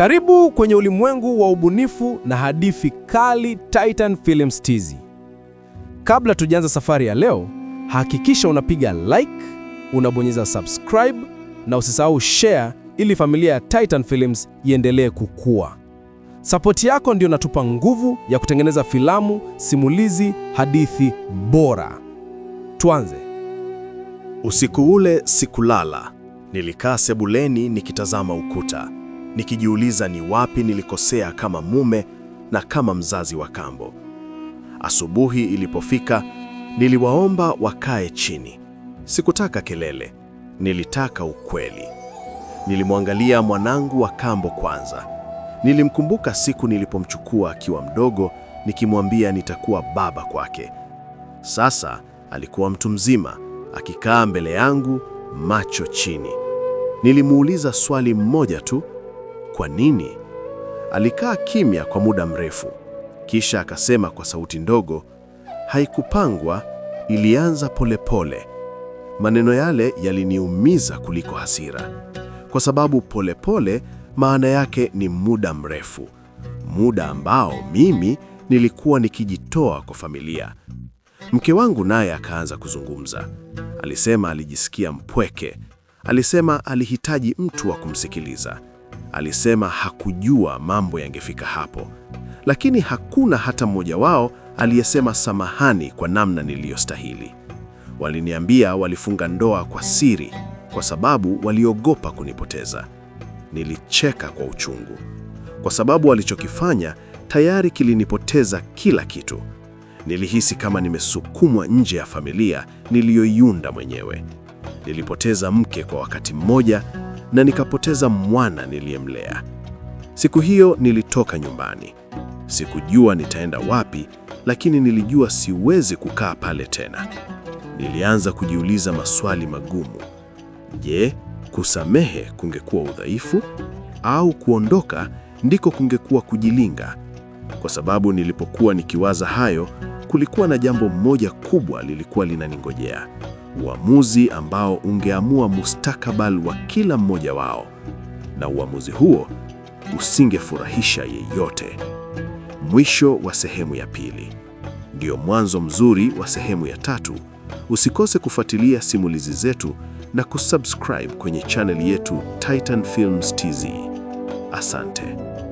Karibu kwenye ulimwengu wa ubunifu na hadithi kali titan Films TZ. Kabla tujaanza safari ya leo, hakikisha unapiga like, unabonyeza subscribe na usisahau share ili familia ya titan Films iendelee kukua. Sapoti yako ndio inatupa nguvu ya kutengeneza filamu, simulizi, hadithi bora. Tuanze. Usiku ule sikulala. Nilikaa sebuleni nikitazama ukuta nikijiuliza ni wapi nilikosea kama mume na kama mzazi wa kambo. Asubuhi ilipofika, niliwaomba wakae chini. Sikutaka kelele, nilitaka ukweli. Nilimwangalia mwanangu wa kambo kwanza. Nilimkumbuka siku nilipomchukua akiwa mdogo, nikimwambia nitakuwa baba kwake. Sasa alikuwa mtu mzima, akikaa mbele yangu, macho chini. Nilimuuliza swali mmoja tu. Kwa nini? Alikaa kimya kwa muda mrefu, kisha akasema kwa sauti ndogo, haikupangwa, ilianza polepole pole. Maneno yale yaliniumiza kuliko hasira, kwa sababu polepole pole, maana yake ni muda mrefu, muda ambao mimi nilikuwa nikijitoa kwa familia. Mke wangu naye akaanza kuzungumza. Alisema alijisikia mpweke, alisema alihitaji mtu wa kumsikiliza. Alisema hakujua mambo yangefika hapo, lakini hakuna hata mmoja wao aliyesema samahani kwa namna niliyostahili. Waliniambia walifunga ndoa kwa siri kwa sababu waliogopa kunipoteza. Nilicheka kwa uchungu, kwa sababu walichokifanya tayari kilinipoteza kila kitu. Nilihisi kama nimesukumwa nje ya familia niliyoiunda mwenyewe. Nilipoteza mke kwa wakati mmoja na nikapoteza mwana niliyemlea. Siku hiyo nilitoka nyumbani, sikujua nitaenda wapi, lakini nilijua siwezi kukaa pale tena. Nilianza kujiuliza maswali magumu. Je, kusamehe kungekuwa udhaifu au kuondoka ndiko kungekuwa kujilinga? Kwa sababu nilipokuwa nikiwaza hayo, kulikuwa na jambo moja kubwa lilikuwa linaningojea uamuzi ambao ungeamua mustakabali wa kila mmoja wao, na uamuzi huo usingefurahisha yeyote. Mwisho wa sehemu ya pili ndio mwanzo mzuri wa sehemu ya tatu. Usikose kufuatilia simulizi zetu na kusubscribe kwenye chaneli yetu titan Films TZ. Asante.